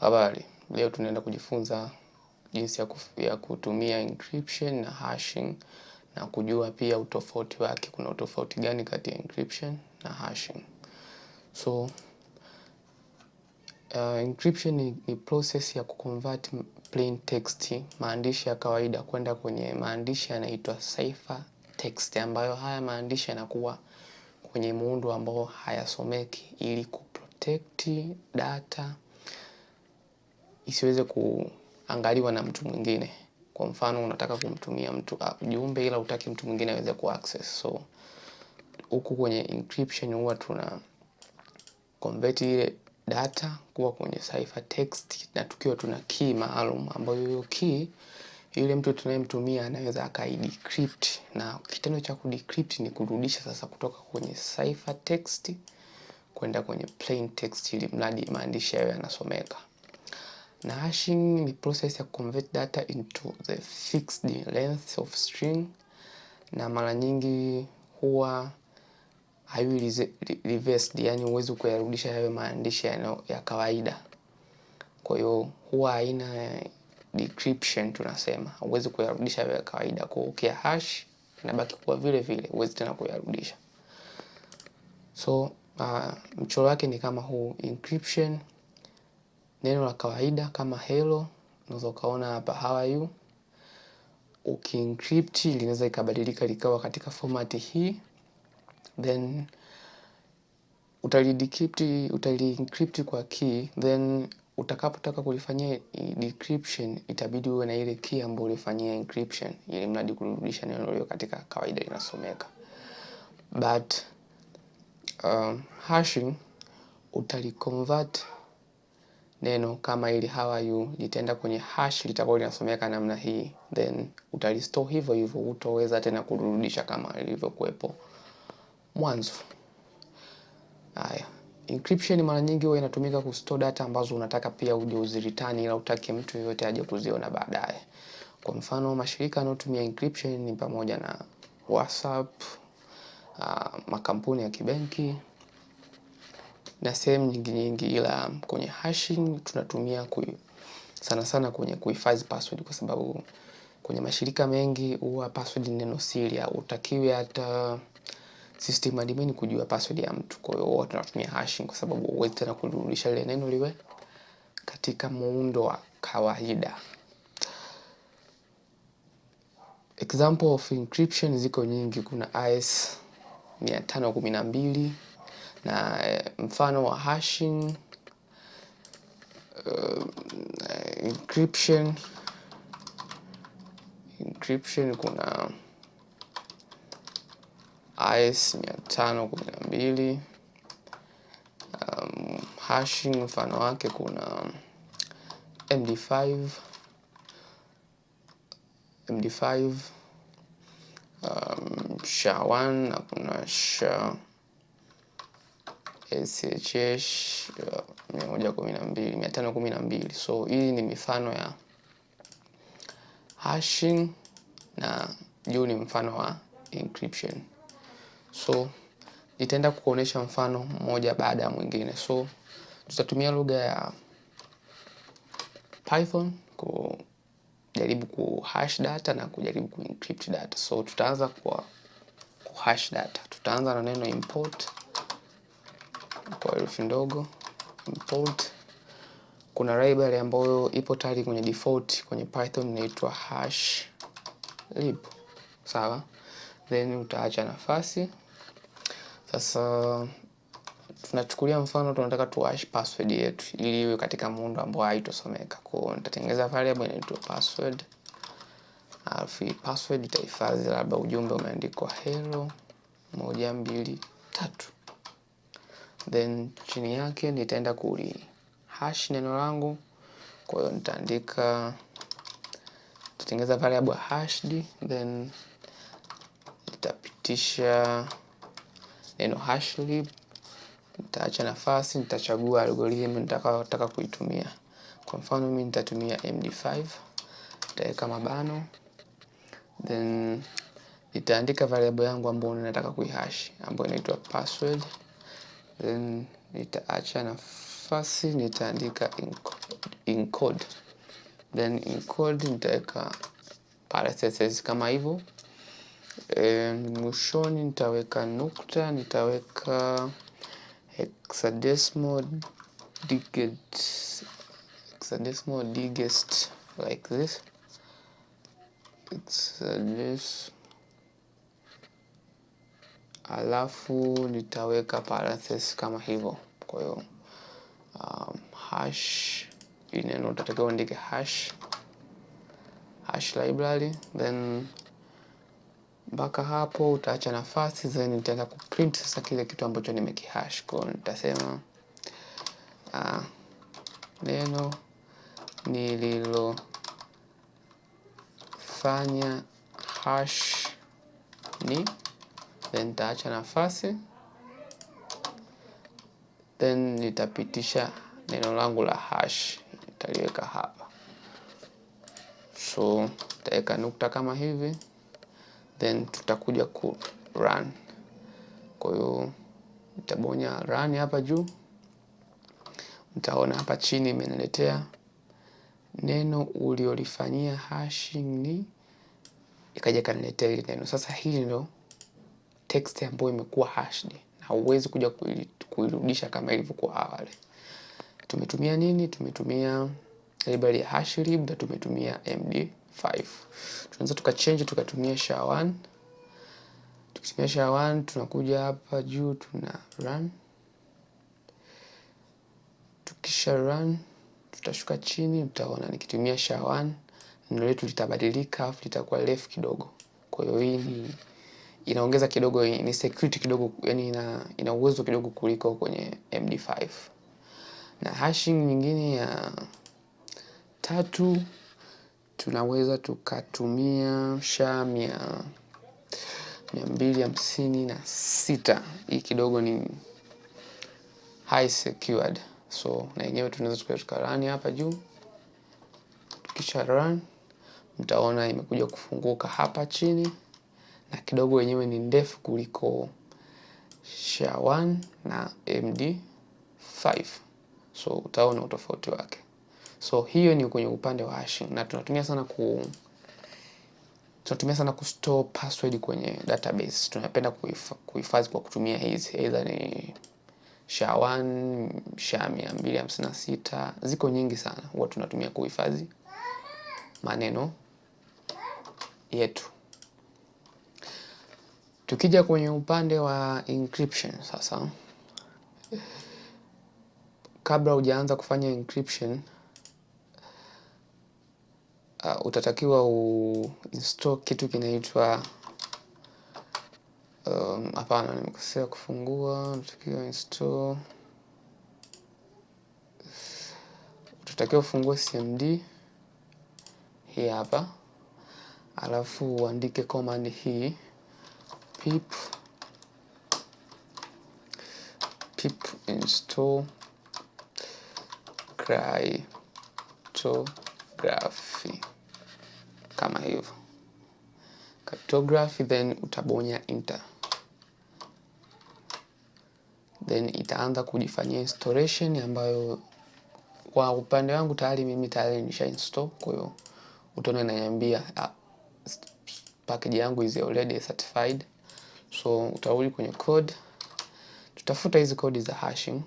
Habari, leo tunaenda kujifunza jinsi ya, kufu, ya kutumia encryption na hashing na kujua pia utofauti wake, kuna utofauti gani kati ya encryption na hashing. So uh, encryption ni, ni process ya kuconvert plain text maandishi ya kawaida kwenda kwenye maandishi yanaitwa cipher text, ambayo haya maandishi yanakuwa kwenye muundo ambao hayasomeki ili kuprotect data isiweze kuangaliwa na mtu mwingine. Kwa mfano unataka kumtumia mtu ujumbe ah, ila utaki mtu mwingine aweze ku access. So huku kwenye encryption huwa tuna convert ile data kuwa kwenye cipher text na tukiwa tuna key maalum ambayo hiyo key yule mtu tunayemtumia anaweza akai decrypt, na kitendo cha kudecrypt ni kurudisha sasa kutoka kwenye cipher text kwenda kwenye plain text, ili mradi maandishi yao yanasomeka na hashing ni process ya convert data into the fixed length of string, na mara nyingi huwa haiwi reversed, yani huwezi kuyarudisha yawe maandishi ya kawaida. Kwa hiyo huwa haina decryption, tunasema huwezi kuyarudisha yawe ya kawaida. Kwa hiyo ukia hash inabaki kuwa vile vile, huwezi tena kuyarudisha. So uh, mchoro wake ni kama huu encryption neno la kawaida kama hello, unaweza ukaona hapa how are you. Ukiencrypt linaweza ikabadilika likawa katika format hii, then utalidecrypt utaliencrypt kwa key, then utakapotaka kulifanyia decryption itabidi uwe na ile key ambayo ulifanyia encryption, ili mradi kurudisha neno hilo katika kawaida linasomeka. But um, hashing utaliconvert neno kama hili how are you litaenda kwenye hash, litakuwa linasomeka namna hii, then utalistore hivyo hivyo, utoweza tena kurudisha kama ilivyokuepo mwanzo. Haya, encryption mara nyingi huwa inatumika kustore data ambazo unataka pia uje uziritani, ila utake mtu yeyote aje kuziona baadaye. Kwa mfano mashirika yanayotumia encryption ni pamoja na WhatsApp, uh, makampuni ya kibenki na sehemu nyingi nyingi, ila kwenye hashing tunatumia kui, sana sana kwenye kuhifadhi password, kwa sababu kwenye mashirika mengi huwa password ni neno siri, utakiwi hata system admin kujua password ya mtu. Kwa hiyo huwa tunatumia hashing kwa sababu huwezi tena kurudisha lile neno liwe katika muundo wa kawaida. Example of encryption ziko nyingi, kuna IS 512 na eh, mfano wa hashing, uh, eh, encryption. Encryption kuna AES mia tano kumi na mbili. Um, hashing mfano wake kuna MD5 MD5 um, SHA-1 na kuna SHA SHH 112 512. So hii ni mifano ya hashing na juu ni mfano wa encryption. So nitaenda kuonyesha mfano mmoja baada ya mwingine. So tutatumia lugha ya Python kujaribu kuhash data na kujaribu kuencrypt data. So tutaanza kwa kuhash data. Tutaanza na neno import kwa herufi ndogo import. Kuna library ambayo ipo tayari kwenye default kwenye Python inaitwa hash lib, sawa. Then utaacha nafasi. Sasa tunachukulia mfano tunataka tu hash password yetu ili iwe katika muundo ambao haitosomeka. Kwa hiyo nitatengeneza variable inaitwa password, alafu password itahifadhi labda ujumbe umeandikwa hello moja mbili tatu then chini yake nitaenda kuli hash neno langu. Kwa hiyo nitaandika, tutengeza variable hashed, then nitapitisha neno hashlib, nitaacha nafasi, nitachagua algorithm nitakayotaka kuitumia. Kwa mfano mimi nitatumia MD5, nitaweka mabano then nitaandika variable yangu ambayo ninataka kuihash ambayo inaitwa password then nitaacha nafasi, nitaandika include, then include nitaweka parentheses kama hivyo e, mwishoni nitaweka nukta, nitaweka hexadecimal digit, hexadecimal digest like this hexadecimal alafu nitaweka parenthesis kama hivyo. Kwa hiyo um, hash hii neno utatakiwa uandike hash hash library then mpaka hapo utaacha nafasi, then nitaenda kuprint sasa kile kitu ambacho nimekihash. Kwa hiyo nitasema uh, neno nililofanya hash ni then nitaacha nafasi, then nitapitisha neno langu la hash, nitaliweka hapa. So nitaweka nukta kama hivi, then tutakuja ku run. Kwa hiyo nitabonya run hapa juu, mtaona hapa chini imeniletea neno uliolifanyia hashing ni ikaja kaniletea hili neno. Sasa hili ndio text ambayo imekuwa hashed na huwezi kuja kuirudisha kama ilivyokuwa awali. Tumetumia nini? Tumetumia library ya hashrib na tumetumia MD5. Tunaweza tukachange tukatumia SHA-1. Tukitumia SHA-1 tunakuja hapa juu tuna run. Tukisha run tutashuka chini, utaona nikitumia SHA-1 neno letu litabadilika afu litakuwa refu kidogo. Kwa hiyo hii ni inaongeza kidogo, ni security kidogo, yani ina, ina uwezo kidogo kuliko kwenye MD5. Na hashing nyingine ya tatu tunaweza tukatumia SHA mia mbili hamsini na sita. Hii kidogo ni high secured, so na yenyewe tunaweza tukarani hapa juu, tukisha run mtaona imekuja kufunguka hapa chini na kidogo wenyewe ni ndefu kuliko SHA1 na MD5, so utaona utofauti wake. So hiyo ni kwenye upande wa hashing, na tunatumia sana ku tunatumia sana kustore password kwenye database. Tunapenda kuhifadhi kwa kutumia hizi, either ni SHA1, SHA-256, ziko nyingi sana, huwa tunatumia kuhifadhi maneno yetu. Tukija kwenye upande wa encryption sasa, kabla hujaanza kufanya encryption uh, utatakiwa uinstall kitu kinaitwa um, hapana, um, nimekosea kufungua. Utatakiwa install, utatakiwa ufungue cmd hii hapa, alafu uandike command hii pip pip install cryptography kama hivyo cryptography, then utabonya enter, then itaanza kujifanyia installation ambayo kwa upande wangu tayari mimi tayari nisha install, kwa hiyo utaona inaniambia ah, package yangu is already certified. So utarudi kwenye code, tutafuta hizi code za hashing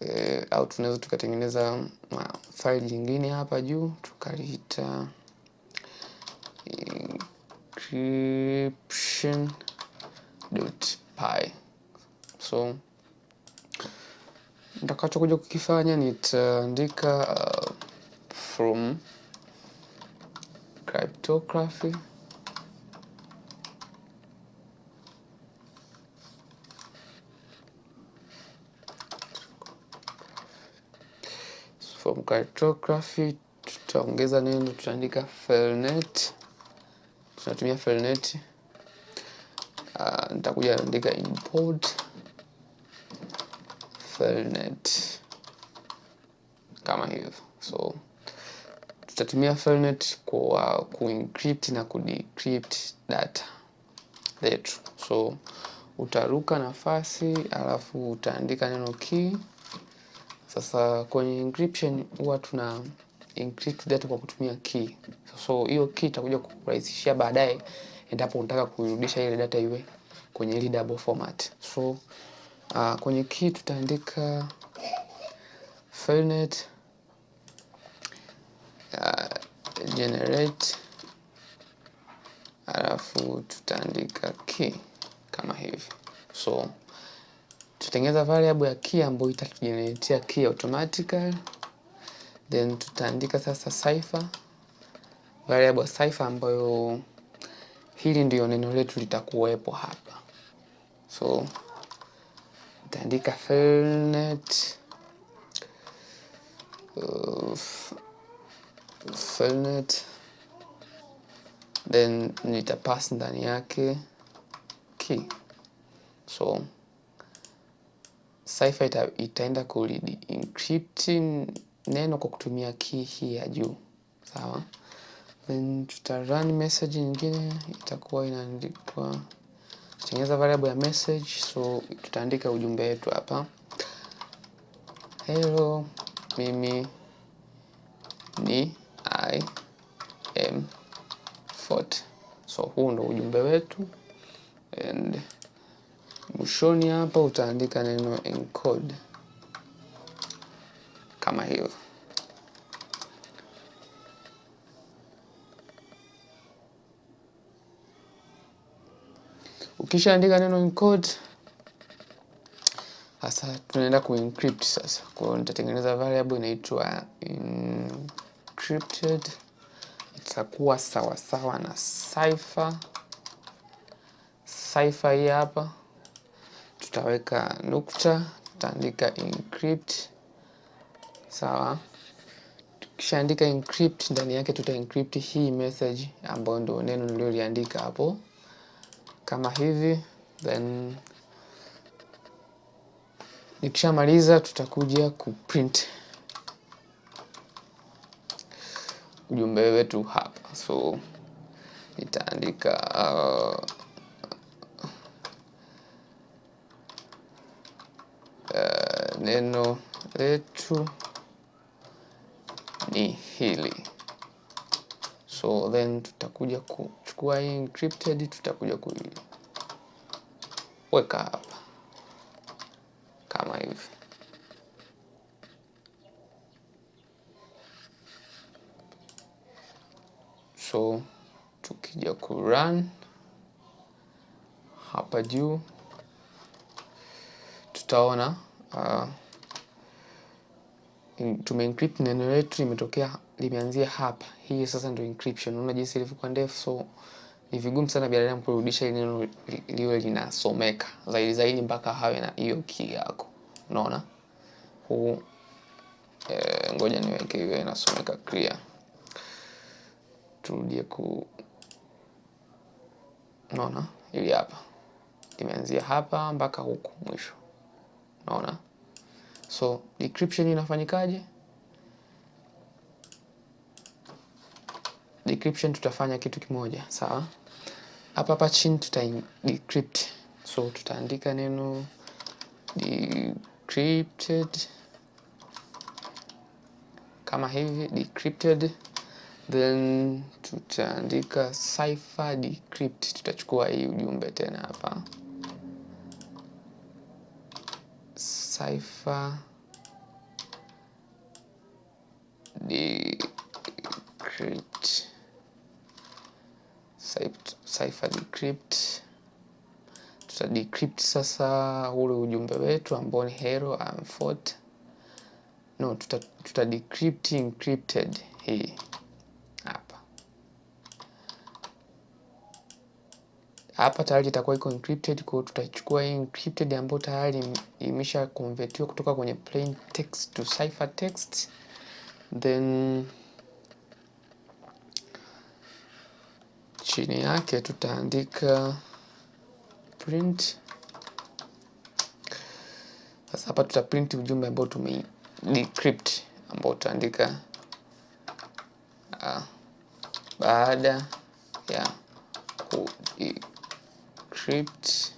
eh, au tunaweza tukatengeneza file nyingine hapa juu tukaliita encryption.py. So nitakachokuja kukifanya nitaandika uh, from cryptography from cartography tutaongeza neno, tutaandika felnet. Tunatumia felnet. Uh, nitakuja andika import felnet kama hivyo, so tutatumia felnet kwa encrypt na decrypt data zetu, so utaruka nafasi alafu utaandika neno key sasa kwenye encryption huwa tuna encrypt data kwa kutumia key. So hiyo key itakuja kukurahisishia baadaye endapo unataka kuirudisha ile data iwe kwenye ile double format. So uh, kwenye key tutaandika filenet uh, ah, generate alafu tutaandika key kama hivi. So tutengeza variable ya key ambayo itatujeneretea key automatically, then tutaandika sasa cipher variable cipher ambayo hili ndiyo neno letu litakuwepo hapa, so itaandika fernet uh, fernet, then nitapass ndani yake key so Cipher ita, itaenda ku encrypt neno kwa kutumia key hii ya juu. Sawa? Then tuta run message nyingine itakuwa inaandikwa tengeneza variable ya message, so tutaandika ujumbe wetu hapa. Hello, mimi ni I am Fort. So huu ndo ujumbe wetu and Mwishoni hapa utaandika neno encode kama hivyo. Ukishaandika neno encode sasa tunaenda ku encrypt sasa. Kwa hiyo nitatengeneza variable inaitwa encrypted, itakuwa sawasawa na cipher. Cipher hii hapa tutaweka nukta, tutaandika encrypt sawa. Tukishaandika encrypt ndani yake tuta encrypt hii message ambayo ndio neno niloliandika hapo kama hivi, then nikishamaliza tutakuja kuprint ujumbe wetu hapa, so nitaandika uh, neno letu ni hili. So then tutakuja kuchukua hii encrypted, tutakuja kuiweka hapa kama hivi. So tukija ku run hapa juu tutaona uh, tume encrypt neno letu limetokea limeanzia hapa. Hii sasa ndio encryption. Unaona jinsi ilivyokuwa ndefu, so ni vigumu sana binadamu kurudisha ili neno liwe linasomeka zaidi zaidi mpaka hawe na hiyo key yako. Unaona huu eh, ngoja niweke hiyo inasomeka clear. Turudie ku unaona, ili hapa limeanzia hapa mpaka huku mwisho. Naona. So decryption inafanyikaje? Decryption tutafanya kitu kimoja, sawa? Hapa hapa chini tuta decrypt. So tutaandika neno decrypted kama hivi decrypted, then tutaandika cipher decrypt. Tutachukua hii ujumbe tena hapa Cypher decrypt Cypher decrypt. Tuta decrypt sasa ule ujumbe wetu ambao ni hello and Fort. No, tuta, tuta decrypt encrypted hii hapa tayari itakuwa iko encrypted, kwa tutachukua hii encrypted ambayo tayari imesha convertiwa kutoka kwenye plain text to cipher text then chini yake tutaandika print. Sasa hapa tuta print ujumbe ambao tume decrypt ambao tutaandika ah, baada ya ku crypt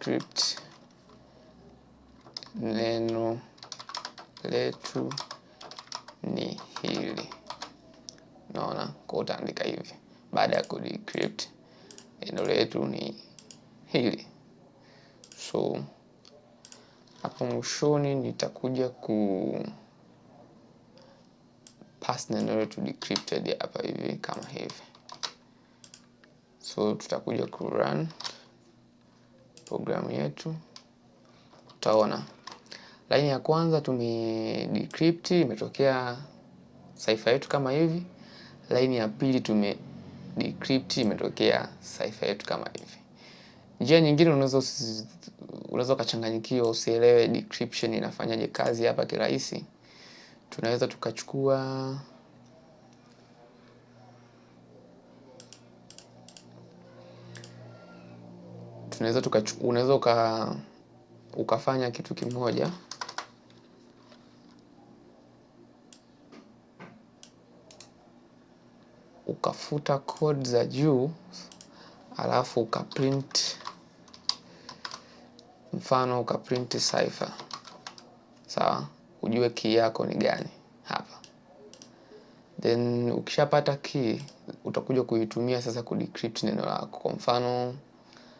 crypt neno letu ni hili. naona kwa utaandika hivi baada ya kudecrypt neno letu ni hili. So hapo mwishoni nitakuja ku pass neno letu decrypted hapa hivi kama hivi. So tutakuja ku run programu yetu, utaona laini ya kwanza tume decrypt imetokea cipher yetu kama hivi. Laini ya pili tume decrypt imetokea cipher yetu kama hivi. Njia nyingine unaweza unaweza ukachanganyikiwa usielewe decryption inafanyaje kazi hapa kirahisi. Tunaweza tukachukua tunaweza unaweza uka, ukafanya kitu kimoja ukafuta code za juu alafu ukaprint mfano ukaprint cipher sawa, ujue key yako ni gani hapa. Then ukishapata key utakuja kuitumia sasa kudecrypt neno lako, kwa mfano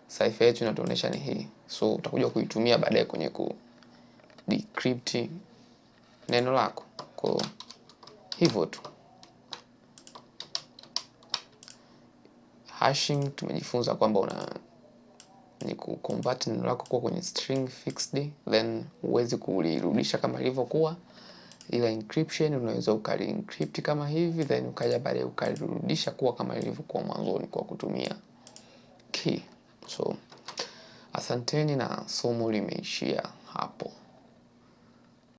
Cipher yetu inatuonesha ni hii, so utakuja kuitumia baadaye kwenye ku decrypt neno lako. Kwa hivyo tu hashing, tumejifunza kwamba una ni ku convert neno lako kuwa kwenye string fixed, then huwezi kulirudisha kama ilivyokuwa, ila encryption unaweza ukali encrypt kama hivi, then ukaja baadaye ukalirudisha kuwa kama ilivyokuwa mwanzoni kwa kutumia key. So asanteni na somo limeishia hapo.